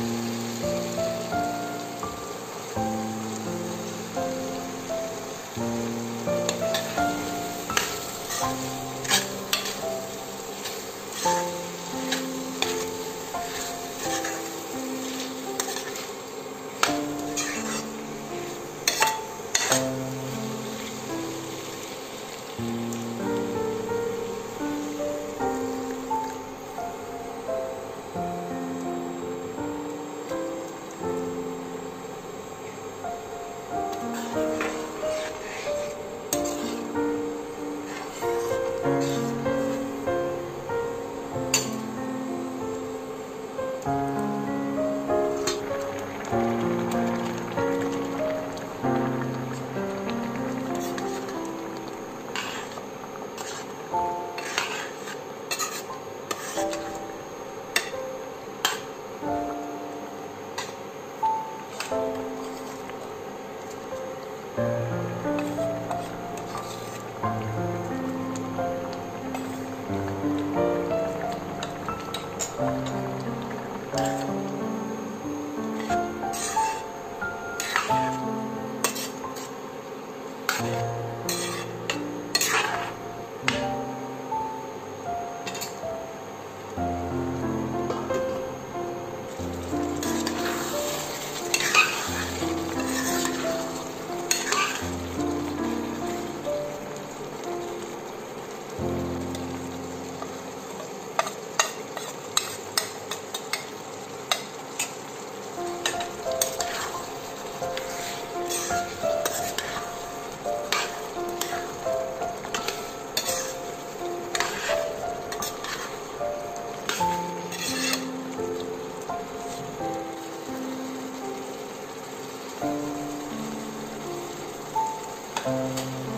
you Música